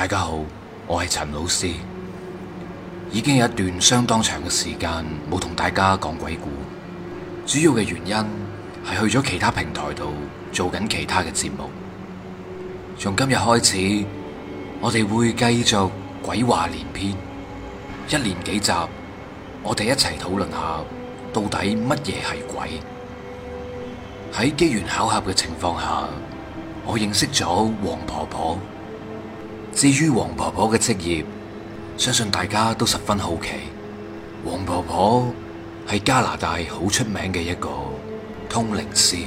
大家好，我係陳老師，已經有一段相當長嘅時間冇同大家講鬼故，主要嘅原因係去咗其他平台度做緊其他嘅節目。從今日開始，我哋會繼續鬼話連篇，一連幾集，我哋一齊討論下到底乜嘢係鬼。喺機緣巧合嘅情況下，我認識咗黃婆婆。至於黃婆婆嘅職業，相信大家都十分好奇。黃婆婆係加拿大好出名嘅一個通靈師，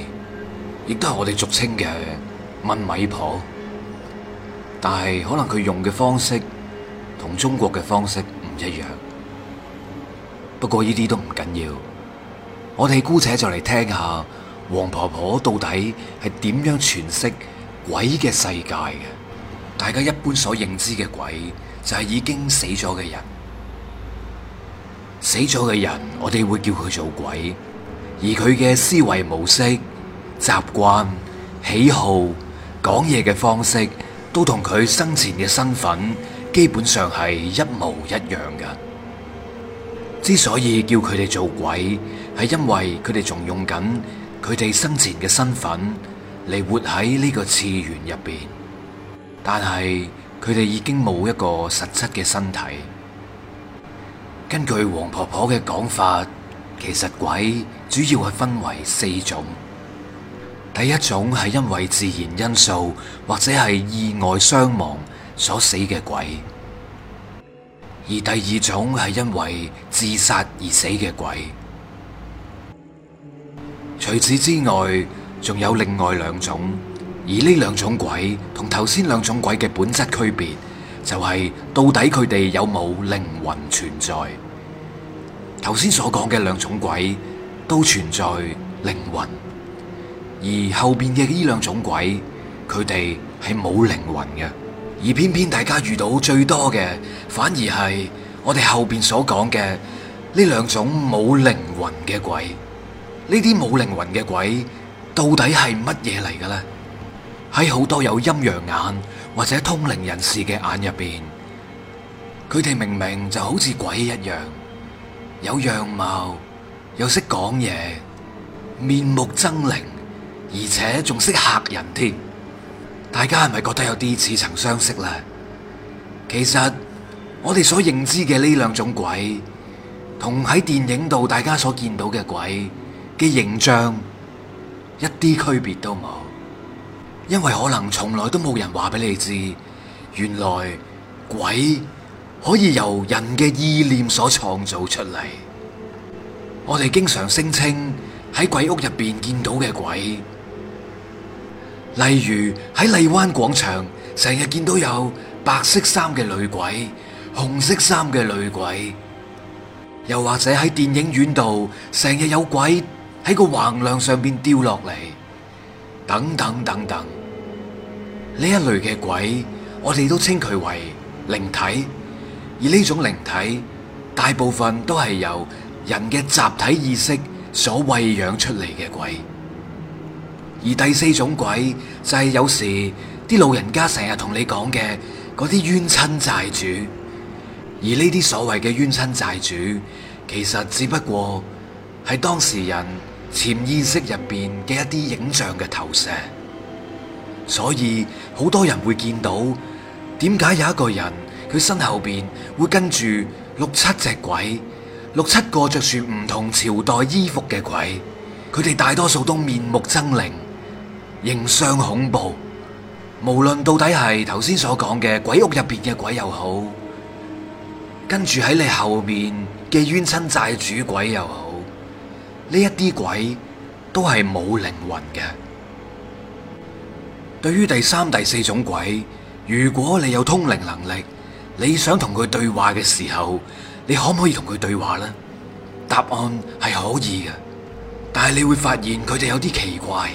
亦都係我哋俗稱嘅蚊米婆。但係可能佢用嘅方式同中國嘅方式唔一樣。不過呢啲都唔緊要，我哋姑且就嚟聽下黃婆婆到底係點樣詮釋鬼嘅世界嘅。大家一般所認知嘅鬼，就係已經死咗嘅人。死咗嘅人，我哋會叫佢做鬼，而佢嘅思維模式、習慣、喜好、講嘢嘅方式，都同佢生前嘅身份基本上係一模一樣嘅。之所以叫佢哋做鬼，係因為佢哋仲用緊佢哋生前嘅身份嚟活喺呢個次元入邊。但係佢哋已經冇一個實質嘅身體。根據黃婆婆嘅講法，其實鬼主要係分為四種。第一種係因為自然因素，或者係意外傷亡所死嘅鬼，而第二種係因為自殺而死嘅鬼。除此之外，仲有另外兩種。而呢兩種鬼同頭先兩種鬼嘅本質區別，就係到底佢哋有冇靈魂存在。頭先所講嘅兩種鬼都存在靈魂，而後邊嘅呢兩種鬼，佢哋係冇靈魂嘅。而偏偏大家遇到最多嘅，反而係我哋後邊所講嘅呢兩種冇靈魂嘅鬼。呢啲冇靈魂嘅鬼到底係乜嘢嚟嘅呢？喺好多有陰陽眼或者通靈人士嘅眼入邊，佢哋明明就好似鬼一樣，有樣貌，又識講嘢，面目猙獰，而且仲識嚇人添。大家係咪覺得有啲似曾相識呢？其實我哋所認知嘅呢兩種鬼，同喺電影度大家所見到嘅鬼嘅形象一啲區別都冇。因為可能從來都冇人話俾你知，原來鬼可以由人嘅意念所創造出嚟。我哋經常聲稱喺鬼屋入邊見到嘅鬼，例如喺荔灣廣場成日見到有白色衫嘅女鬼、紅色衫嘅女鬼，又或者喺電影院度成日有鬼喺個橫梁上邊掉落嚟。等等等等，呢一類嘅鬼，我哋都稱佢為靈體，而呢種靈體大部分都係由人嘅集體意識所餵養出嚟嘅鬼。而第四種鬼就係、是、有時啲老人家成日同你講嘅嗰啲冤親債主，而呢啲所謂嘅冤親債主，其實只不過係當事人。潛意識入邊嘅一啲影像嘅投射，所以好多人會見到點解有一個人佢身後邊會跟住六七隻鬼，六七個着住唔同朝代衣服嘅鬼，佢哋大多數都面目猙獰，形相恐怖。無論到底係頭先所講嘅鬼屋入邊嘅鬼又好，跟住喺你後邊嘅冤親債主鬼又好。呢一啲鬼都係冇靈魂嘅。對於第三、第四種鬼，如果你有通靈能力，你想同佢對話嘅時候，你可唔可以同佢對話呢？答案係可以嘅，但係你會發現佢哋有啲奇怪，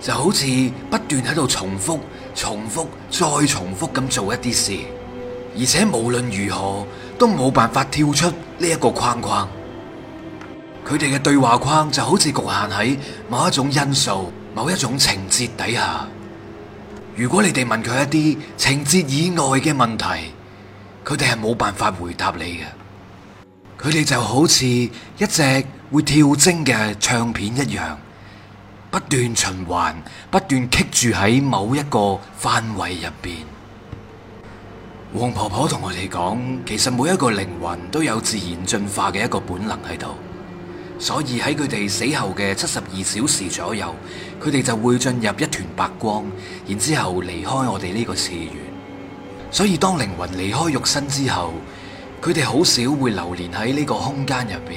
就好似不斷喺度重複、重複、再重複咁做一啲事，而且無論如何都冇辦法跳出呢一個框框。佢哋嘅對話框就好似局限喺某一種因素、某一種情節底下。如果你哋問佢一啲情節以外嘅問題，佢哋係冇辦法回答你嘅。佢哋就好似一隻會跳針嘅唱片一樣，不斷循環，不斷棘住喺某一個範圍入邊。黃婆婆同我哋講，其實每一個靈魂都有自然進化嘅一個本能喺度。所以喺佢哋死後嘅七十二小時左右，佢哋就會進入一團白光，然之後離開我哋呢個次元。所以當靈魂離開肉身之後，佢哋好少會流連喺呢個空間入邊。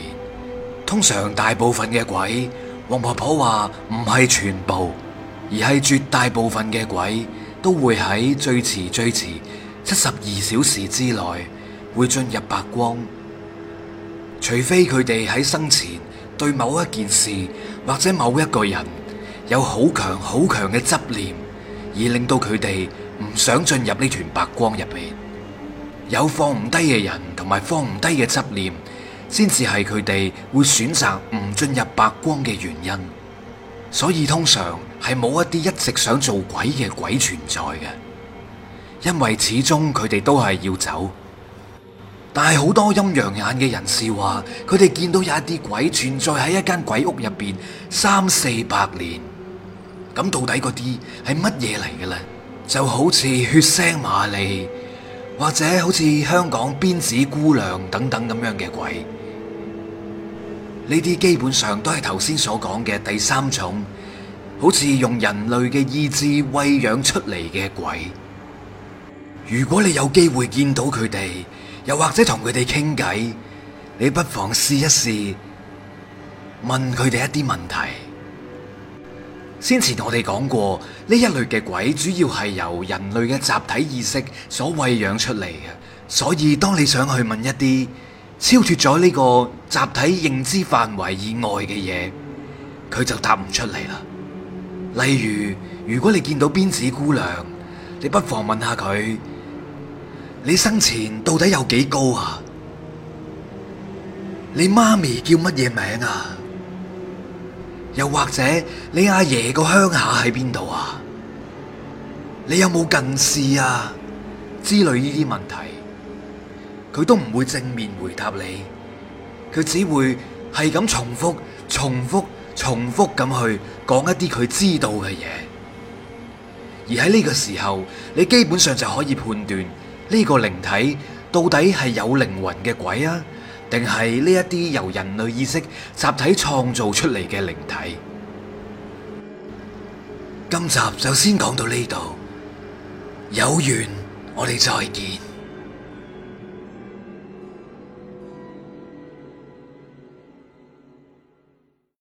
通常大部分嘅鬼，王婆婆話唔係全部，而係絕大部分嘅鬼都會喺最遲最遲七十二小時之內會進入白光，除非佢哋喺生前對某一件事或者某一個人有好強好強嘅執念，而令到佢哋唔想進入呢團白光入面。有放唔低嘅人同埋放唔低嘅執念，先至係佢哋會選擇唔進入白光嘅原因。所以通常係冇一啲一直想做鬼嘅鬼存在嘅，因為始終佢哋都係要走。但係好多陰陽眼嘅人士話，佢哋見到有一啲鬼存在喺一間鬼屋入邊三四百年，咁到底嗰啲係乜嘢嚟嘅呢？就好似血腥瑪麗，或者好似香港辮子姑娘等等咁樣嘅鬼，呢啲基本上都係頭先所講嘅第三種，好似用人類嘅意志餵養出嚟嘅鬼。如果你有機會見到佢哋，又或者同佢哋傾偈，你不妨試一試，問佢哋一啲問題。先前我哋講過，呢一類嘅鬼主要係由人類嘅集體意識所喂養出嚟嘅，所以當你想去問一啲超脱咗呢個集體認知範圍以外嘅嘢，佢就答唔出嚟啦。例如，如果你見到辮子姑娘，你不妨問下佢。你生前到底有幾高啊？你媽咪叫乜嘢名啊？又或者你阿爺個鄉下喺邊度啊？你有冇近視啊？之類呢啲問題，佢都唔會正面回答你，佢只會係咁重複、重複、重複咁去講一啲佢知道嘅嘢。而喺呢個時候，你基本上就可以判斷。呢個靈體到底係有靈魂嘅鬼啊，定係呢一啲由人類意識集體創造出嚟嘅靈體？今集就先講到呢度，有緣，我哋再見。